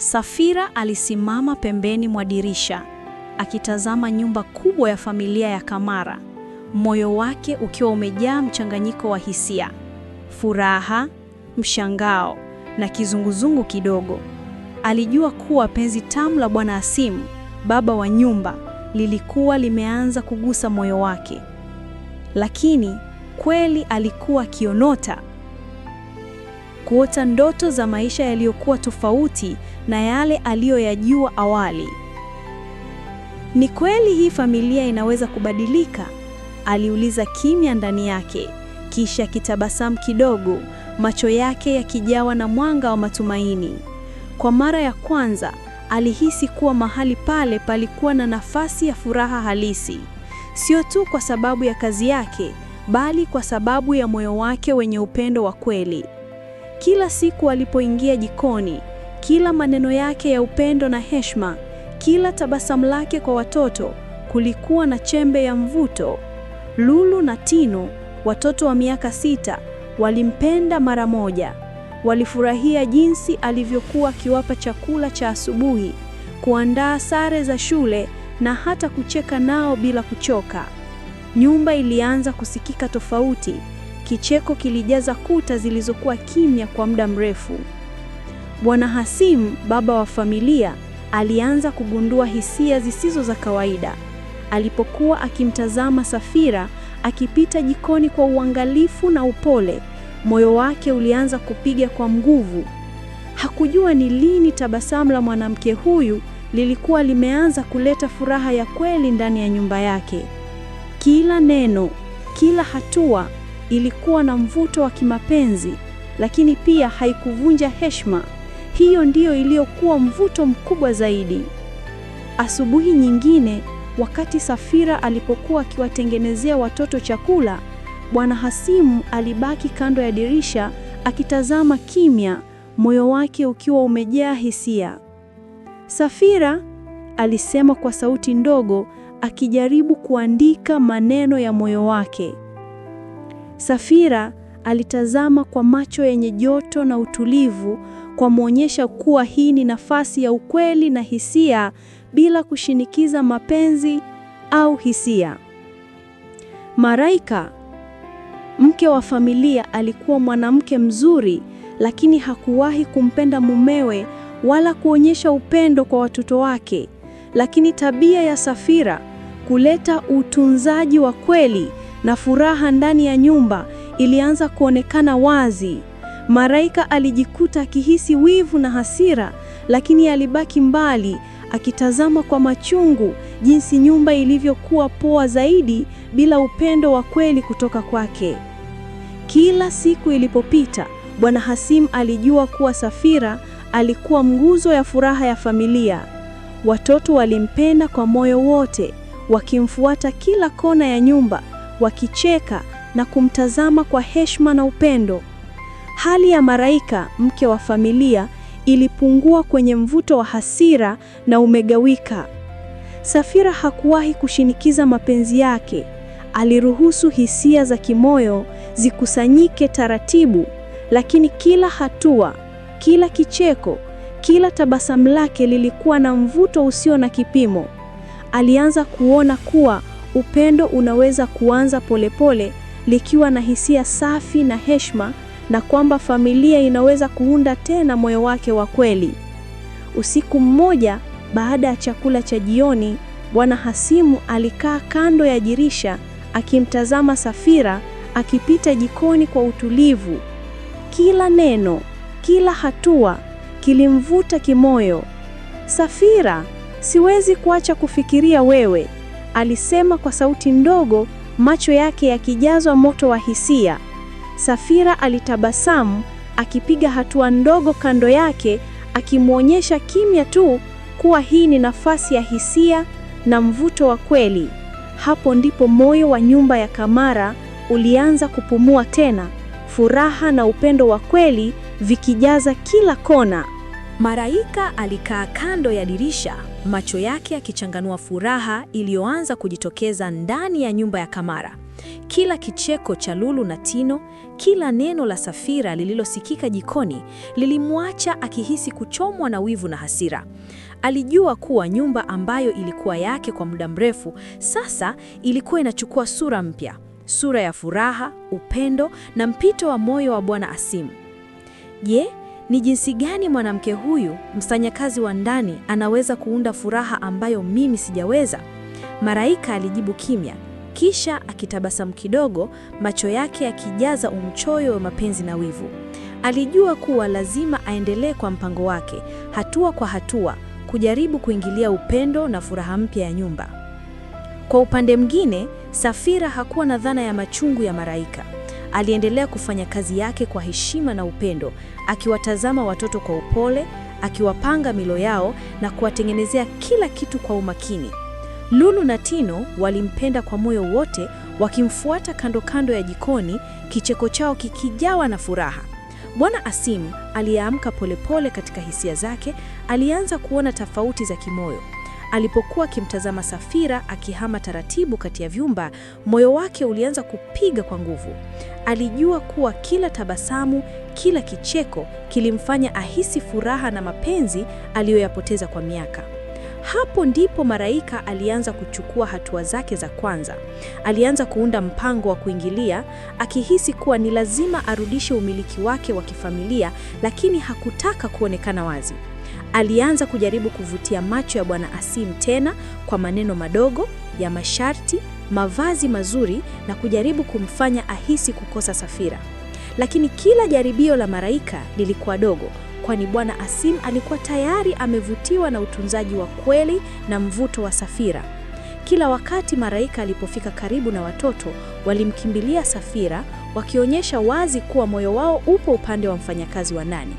Safira alisimama pembeni mwa dirisha akitazama nyumba kubwa ya familia ya Kamara, moyo wake ukiwa umejaa mchanganyiko wa hisia: furaha, mshangao na kizunguzungu kidogo. Alijua kuwa penzi tamu la Bwana Asimu, baba wa nyumba, lilikuwa limeanza kugusa moyo wake, lakini kweli alikuwa kionota kuota ndoto za maisha yaliyokuwa tofauti na yale aliyoyajua awali. Ni kweli hii familia inaweza kubadilika? Aliuliza kimya ndani yake, kisha kitabasamu kidogo, macho yake yakijawa na mwanga wa matumaini. Kwa mara ya kwanza alihisi kuwa mahali pale palikuwa na nafasi ya furaha halisi, sio tu kwa sababu ya kazi yake, bali kwa sababu ya moyo wake wenye upendo wa kweli. Kila siku alipoingia jikoni, kila maneno yake ya upendo na heshima, kila tabasamu lake kwa watoto, kulikuwa na chembe ya mvuto. Lulu na Tino, watoto wa miaka sita, walimpenda mara moja. Walifurahia jinsi alivyokuwa akiwapa chakula cha asubuhi, kuandaa sare za shule na hata kucheka nao bila kuchoka. Nyumba ilianza kusikika tofauti. Kicheko kilijaza kuta zilizokuwa kimya kwa muda mrefu. Bwana Hasim, baba wa familia, alianza kugundua hisia zisizo za kawaida alipokuwa akimtazama Safira akipita jikoni kwa uangalifu na upole. Moyo wake ulianza kupiga kwa nguvu. Hakujua ni lini tabasamu la mwanamke huyu lilikuwa limeanza kuleta furaha ya kweli ndani ya nyumba yake. Kila neno, kila hatua ilikuwa na mvuto wa kimapenzi, lakini pia haikuvunja heshima. Hiyo ndiyo iliyokuwa mvuto mkubwa zaidi. Asubuhi nyingine, wakati Safira alipokuwa akiwatengenezea watoto chakula, Bwana Hasimu alibaki kando ya dirisha akitazama kimya, moyo wake ukiwa umejaa hisia. Safira, alisema kwa sauti ndogo, akijaribu kuandika maneno ya moyo wake. Safira alitazama kwa macho yenye joto na utulivu, kwa muonyesha kuwa hii ni nafasi ya ukweli na hisia bila kushinikiza mapenzi au hisia. Maraika, mke wa familia, alikuwa mwanamke mzuri, lakini hakuwahi kumpenda mumewe wala kuonyesha upendo kwa watoto wake. Lakini tabia ya Safira kuleta utunzaji wa kweli na furaha ndani ya nyumba ilianza kuonekana wazi. Maraika alijikuta akihisi wivu na hasira, lakini alibaki mbali akitazama kwa machungu jinsi nyumba ilivyokuwa poa zaidi bila upendo wa kweli kutoka kwake. Kila siku ilipopita, Bwana Hasim alijua kuwa Safira alikuwa nguzo ya furaha ya familia. Watoto walimpenda kwa moyo wote, wakimfuata kila kona ya nyumba wakicheka na kumtazama kwa heshima na upendo. Hali ya Maraika, mke wa familia, ilipungua kwenye mvuto wa hasira na umegawika. Safira hakuwahi kushinikiza mapenzi yake. Aliruhusu hisia za kimoyo zikusanyike taratibu, lakini kila hatua, kila kicheko, kila tabasamu lake lilikuwa na mvuto usio na kipimo. Alianza kuona kuwa Upendo unaweza kuanza polepole likiwa na hisia safi na heshima, na kwamba familia inaweza kuunda tena moyo wake wa kweli. Usiku mmoja baada ya chakula cha jioni, Bwana Hasimu alikaa kando ya dirisha akimtazama Safira akipita jikoni kwa utulivu. Kila neno, kila hatua kilimvuta kimoyo. Safira, siwezi kuacha kufikiria wewe alisema kwa sauti ndogo, macho yake yakijazwa moto wa hisia. Safira alitabasamu, akipiga hatua ndogo kando yake, akimwonyesha kimya tu kuwa hii ni nafasi ya hisia na mvuto wa kweli. Hapo ndipo moyo wa nyumba ya Kamara ulianza kupumua tena, furaha na upendo wa kweli vikijaza kila kona. Maraika alikaa kando ya dirisha macho yake akichanganua furaha iliyoanza kujitokeza ndani ya nyumba ya Kamara. Kila kicheko cha Lulu na Tino, kila neno la Safira lililosikika jikoni lilimwacha akihisi kuchomwa na wivu na hasira. Alijua kuwa nyumba ambayo ilikuwa yake kwa muda mrefu sasa ilikuwa inachukua sura mpya, sura ya furaha, upendo na mpito wa moyo wa Bwana Asimu. Je, ni jinsi gani mwanamke huyu mfanyakazi wa ndani anaweza kuunda furaha ambayo mimi sijaweza? Maraika alijibu kimya, kisha akitabasamu kidogo, macho yake yakijaza umchoyo wa mapenzi na wivu. Alijua kuwa lazima aendelee kwa mpango wake, hatua kwa hatua, kujaribu kuingilia upendo na furaha mpya ya nyumba. Kwa upande mwingine, Safira hakuwa na dhana ya machungu ya Maraika aliendelea kufanya kazi yake kwa heshima na upendo, akiwatazama watoto kwa upole, akiwapanga milo yao na kuwatengenezea kila kitu kwa umakini. Lulu na Tino walimpenda kwa moyo wote, wakimfuata kando kando ya jikoni, kicheko chao kikijawa na furaha. Bwana Asim aliyeamka polepole katika hisia zake, alianza kuona tofauti za kimoyo. Alipokuwa akimtazama Safira akihama taratibu kati ya vyumba, moyo wake ulianza kupiga kwa nguvu. Alijua kuwa kila tabasamu, kila kicheko kilimfanya ahisi furaha na mapenzi aliyoyapoteza kwa miaka. Hapo ndipo Maraika alianza kuchukua hatua zake za kwanza. Alianza kuunda mpango wa kuingilia, akihisi kuwa ni lazima arudishe umiliki wake wa kifamilia, lakini hakutaka kuonekana wazi alianza kujaribu kuvutia macho ya Bwana Asim tena kwa maneno madogo ya masharti, mavazi mazuri na kujaribu kumfanya ahisi kukosa Safira. Lakini kila jaribio la maraika lilikuwa dogo, kwani Bwana Asim alikuwa tayari amevutiwa na utunzaji wa kweli na mvuto wa Safira. Kila wakati maraika alipofika karibu na watoto, walimkimbilia Safira, wakionyesha wazi kuwa moyo wao upo upande wa mfanyakazi wa nani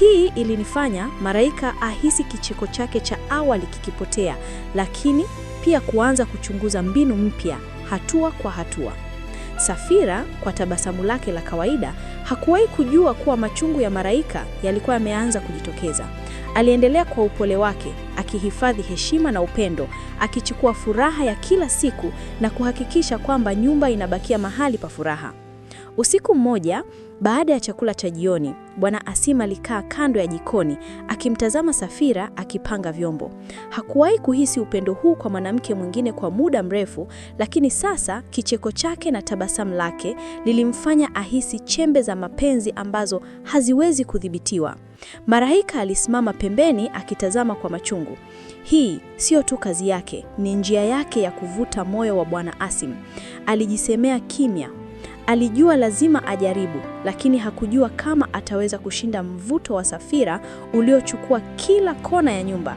hii ilinifanya Maraika ahisi kicheko chake cha awali kikipotea, lakini pia kuanza kuchunguza mbinu mpya hatua kwa hatua. Safira kwa tabasamu lake la kawaida hakuwahi kujua kuwa machungu ya Maraika yalikuwa yameanza kujitokeza. Aliendelea kwa upole wake, akihifadhi heshima na upendo, akichukua furaha ya kila siku na kuhakikisha kwamba nyumba inabakia mahali pa furaha. Usiku mmoja baada ya chakula cha jioni, Bwana Asima alikaa kando ya jikoni akimtazama Safira akipanga vyombo. Hakuwahi kuhisi upendo huu kwa mwanamke mwingine kwa muda mrefu, lakini sasa kicheko chake na tabasamu lake lilimfanya ahisi chembe za mapenzi ambazo haziwezi kudhibitiwa. Maraika alisimama pembeni akitazama kwa machungu. Hii sio tu kazi yake, ni njia yake ya kuvuta moyo wa Bwana Asim. Alijisemea kimya Alijua lazima ajaribu, lakini hakujua kama ataweza kushinda mvuto wa Safira uliochukua kila kona ya nyumba.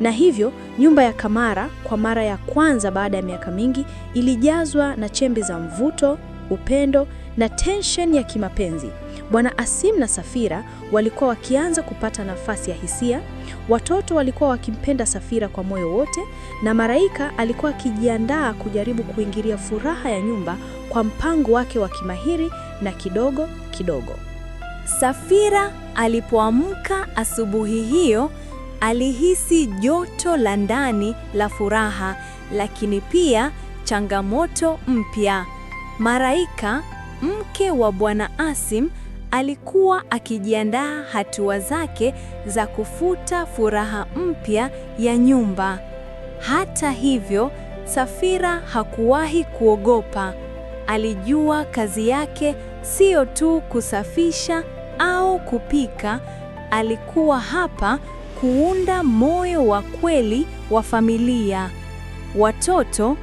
Na hivyo nyumba ya Kamara kwa mara ya kwanza baada ya miaka mingi ilijazwa na chembe za mvuto upendo na tension ya kimapenzi. Bwana Asim na Safira walikuwa wakianza kupata nafasi ya hisia. Watoto walikuwa wakimpenda Safira kwa moyo wote, na Maraika alikuwa akijiandaa kujaribu kuingilia furaha ya nyumba kwa mpango wake wa kimahiri na kidogo kidogo. Safira alipoamka asubuhi hiyo, alihisi joto la ndani la furaha, lakini pia changamoto mpya. Maraika, mke wa Bwana Asim, alikuwa akijiandaa hatua zake za kufuta furaha mpya ya nyumba. Hata hivyo, Safira hakuwahi kuogopa. Alijua kazi yake sio tu kusafisha au kupika, alikuwa hapa kuunda moyo wa kweli wa familia. Watoto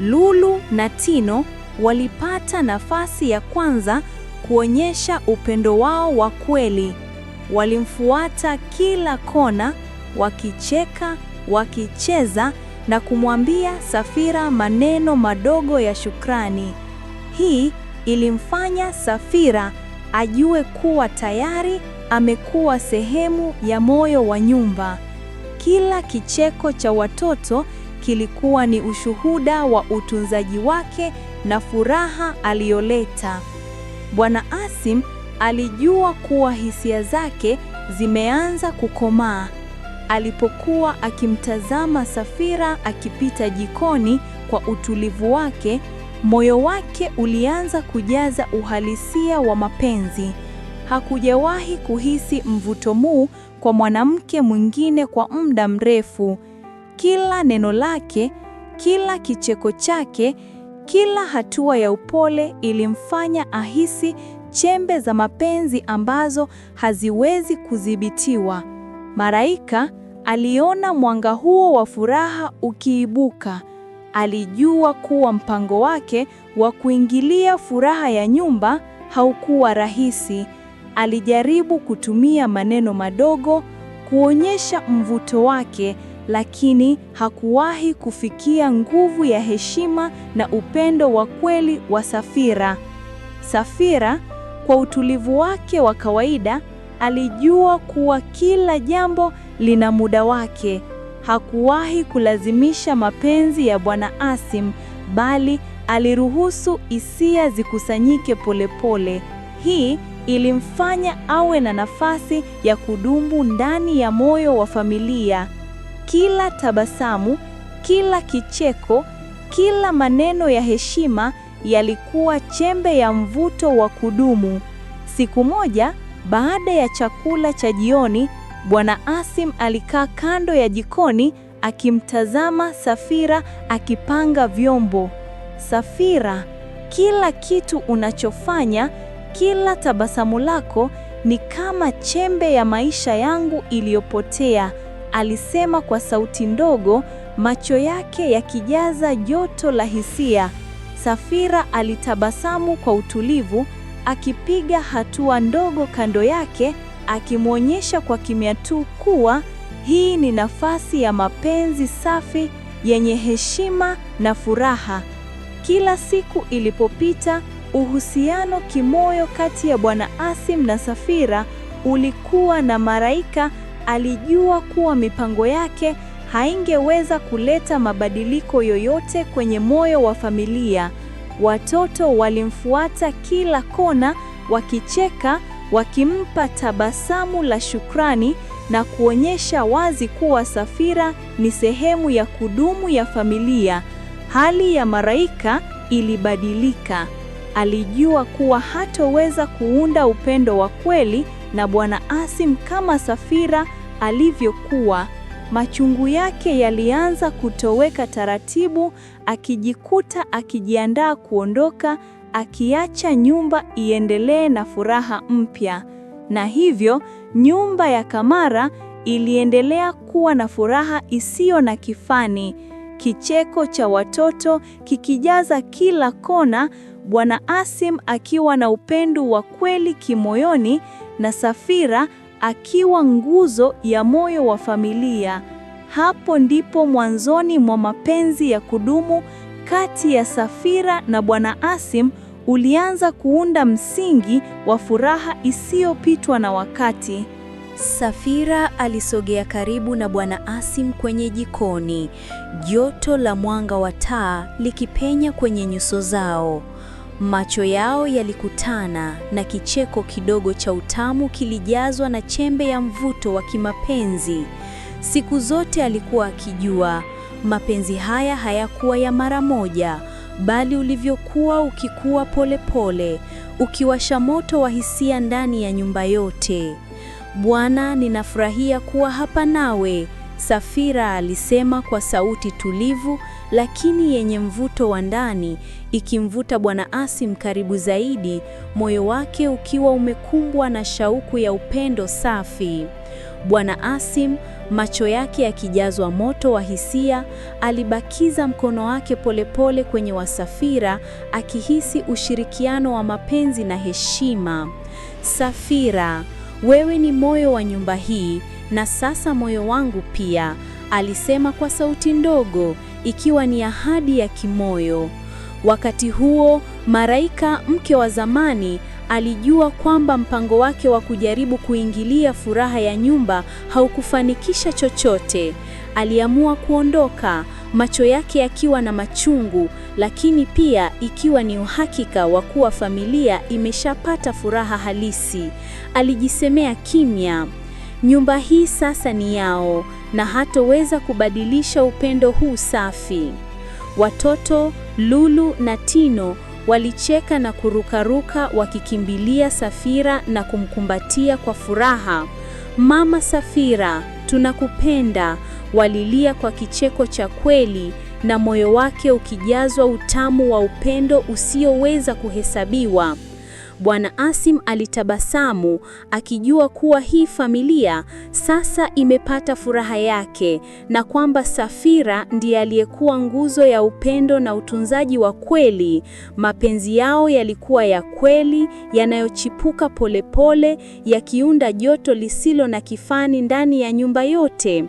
Lulu na Tino walipata nafasi ya kwanza kuonyesha upendo wao wa kweli. Walimfuata kila kona, wakicheka, wakicheza na kumwambia Safira maneno madogo ya shukrani. Hii ilimfanya Safira ajue kuwa tayari amekuwa sehemu ya moyo wa nyumba. Kila kicheko cha watoto kilikuwa ni ushuhuda wa utunzaji wake na furaha aliyoleta. Bwana Asim alijua kuwa hisia zake zimeanza kukomaa. Alipokuwa akimtazama Safira akipita jikoni kwa utulivu wake, moyo wake ulianza kujaza uhalisia wa mapenzi. Hakujawahi kuhisi mvuto muu kwa mwanamke mwingine kwa muda mrefu. Kila neno lake, kila kicheko chake kila hatua ya upole ilimfanya ahisi chembe za mapenzi ambazo haziwezi kudhibitiwa. Maraika aliona mwanga huo wa furaha ukiibuka. Alijua kuwa mpango wake wa kuingilia furaha ya nyumba haukuwa rahisi. Alijaribu kutumia maneno madogo kuonyesha mvuto wake lakini hakuwahi kufikia nguvu ya heshima na upendo wa kweli wa Safira. Safira kwa utulivu wake wa kawaida alijua kuwa kila jambo lina muda wake. Hakuwahi kulazimisha mapenzi ya Bwana Asim, bali aliruhusu hisia zikusanyike polepole. Hii ilimfanya awe na nafasi ya kudumu ndani ya moyo wa familia. Kila tabasamu, kila kicheko, kila maneno ya heshima yalikuwa chembe ya mvuto wa kudumu. Siku moja, baada ya chakula cha jioni, Bwana Asim alikaa kando ya jikoni akimtazama Safira akipanga vyombo. Safira, kila kitu unachofanya, kila tabasamu lako ni kama chembe ya maisha yangu iliyopotea alisema kwa sauti ndogo, macho yake yakijaza joto la hisia. Safira alitabasamu kwa utulivu, akipiga hatua ndogo kando yake, akimwonyesha kwa kimya tu kuwa hii ni nafasi ya mapenzi safi yenye heshima na furaha. Kila siku ilipopita, uhusiano kimoyo kati ya Bwana Asim na Safira ulikuwa na maraika alijua kuwa mipango yake haingeweza kuleta mabadiliko yoyote kwenye moyo wa familia. Watoto walimfuata kila kona, wakicheka, wakimpa tabasamu la shukrani na kuonyesha wazi kuwa Safira ni sehemu ya kudumu ya familia. Hali ya Maraika ilibadilika. Alijua kuwa hatoweza kuunda upendo wa kweli na Bwana Asim kama Safira alivyokuwa. Machungu yake yalianza kutoweka taratibu, akijikuta akijiandaa kuondoka, akiacha nyumba iendelee na furaha mpya. Na hivyo nyumba ya Kamara iliendelea kuwa na furaha isiyo na kifani, kicheko cha watoto kikijaza kila kona, Bwana Asim akiwa na upendo wa kweli kimoyoni na Safira akiwa nguzo ya moyo wa familia. Hapo ndipo mwanzoni mwa mapenzi ya kudumu kati ya Safira na Bwana Asim ulianza kuunda msingi wa furaha isiyopitwa na wakati. Safira alisogea karibu na Bwana Asim kwenye jikoni, joto la mwanga wa taa likipenya kwenye nyuso zao. Macho yao yalikutana na kicheko kidogo cha utamu kilijazwa na chembe ya mvuto wa kimapenzi. Siku zote alikuwa akijua mapenzi haya hayakuwa ya mara moja, bali ulivyokuwa ukikua polepole, ukiwasha moto wa hisia ndani ya nyumba yote. Bwana, ninafurahia kuwa hapa nawe. Safira alisema kwa sauti tulivu lakini yenye mvuto wa ndani, ikimvuta Bwana Asim karibu zaidi, moyo wake ukiwa umekumbwa na shauku ya upendo safi. Bwana Asim, macho yake yakijazwa moto wa hisia, alibakiza mkono wake polepole kwenye wa Safira, akihisi ushirikiano wa mapenzi na heshima. Safira, wewe ni moyo wa nyumba hii na sasa moyo wangu pia, alisema kwa sauti ndogo, ikiwa ni ahadi ya kimoyo. Wakati huo Maraika, mke wa zamani, alijua kwamba mpango wake wa kujaribu kuingilia furaha ya nyumba haukufanikisha chochote. Aliamua kuondoka, macho yake yakiwa na machungu, lakini pia ikiwa ni uhakika wa kuwa familia imeshapata furaha halisi. Alijisemea kimya. Nyumba hii sasa ni yao na hatoweza kubadilisha upendo huu safi. Watoto Lulu na Tino walicheka na kurukaruka wakikimbilia Safira na kumkumbatia kwa furaha. Mama Safira, tunakupenda, walilia kwa kicheko cha kweli na moyo wake ukijazwa utamu wa upendo usioweza kuhesabiwa. Bwana Asim alitabasamu akijua kuwa hii familia sasa imepata furaha yake na kwamba Safira ndiye aliyekuwa nguzo ya upendo na utunzaji wa kweli. Mapenzi yao yalikuwa ya kweli, yanayochipuka polepole, yakiunda joto lisilo na kifani ndani ya nyumba yote.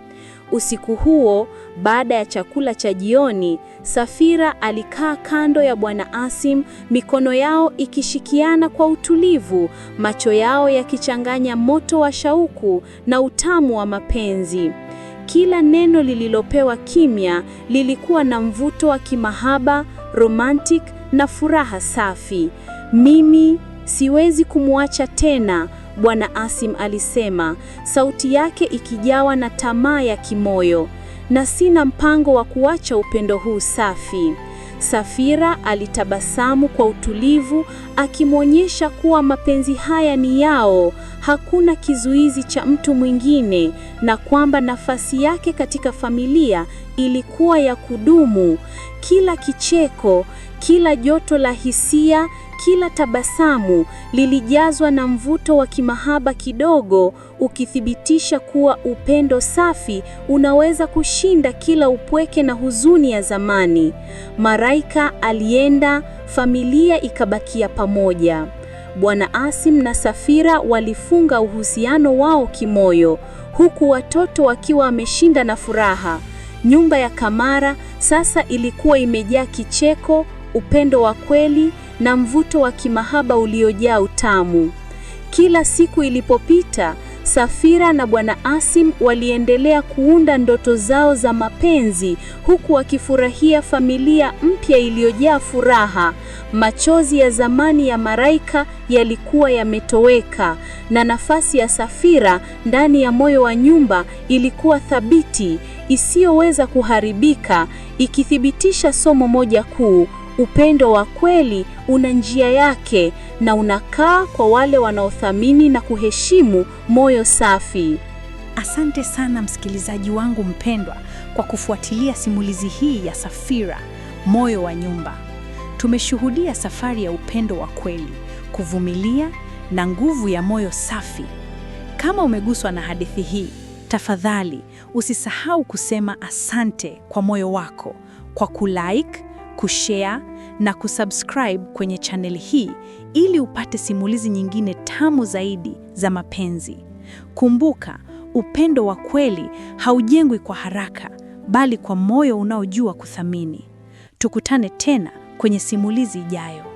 Usiku huo baada ya chakula cha jioni, Safira alikaa kando ya Bwana Asim, mikono yao ikishikiana kwa utulivu, macho yao yakichanganya moto wa shauku na utamu wa mapenzi. Kila neno lililopewa kimya lilikuwa na mvuto wa kimahaba, romantic na furaha safi. Mimi siwezi kumwacha tena. Bwana Asim alisema, sauti yake ikijawa na tamaa ya kimoyo, na sina mpango wa kuacha upendo huu safi. Safira alitabasamu kwa utulivu, akimwonyesha kuwa mapenzi haya ni yao hakuna kizuizi cha mtu mwingine na kwamba nafasi yake katika familia ilikuwa ya kudumu. Kila kicheko, kila joto la hisia, kila tabasamu lilijazwa na mvuto wa kimahaba kidogo, ukithibitisha kuwa upendo safi unaweza kushinda kila upweke na huzuni ya zamani. Maraika alienda, familia ikabakia pamoja. Bwana Asim na Safira walifunga uhusiano wao kimoyo, huku watoto wakiwa wameshinda na furaha. Nyumba ya Kamara sasa ilikuwa imejaa kicheko, upendo wa kweli na mvuto wa kimahaba uliojaa utamu. Kila siku ilipopita Safira na Bwana Asim waliendelea kuunda ndoto zao za mapenzi huku wakifurahia familia mpya iliyojaa furaha. Machozi ya zamani ya Maraika yalikuwa yametoweka na nafasi ya Safira ndani ya moyo wa nyumba ilikuwa thabiti, isiyoweza kuharibika, ikithibitisha somo moja kuu. Upendo wa kweli una njia yake na unakaa kwa wale wanaothamini na kuheshimu moyo safi. Asante sana msikilizaji wangu mpendwa kwa kufuatilia simulizi hii ya Safira, Moyo wa Nyumba. Tumeshuhudia safari ya upendo wa kweli, kuvumilia na nguvu ya moyo safi. Kama umeguswa na hadithi hii, tafadhali usisahau kusema asante kwa moyo wako kwa kulike kushare na kusubscribe kwenye chaneli hii ili upate simulizi nyingine tamu zaidi za mapenzi. Kumbuka, upendo wa kweli haujengwi kwa haraka, bali kwa moyo unaojua kuthamini. Tukutane tena kwenye simulizi ijayo.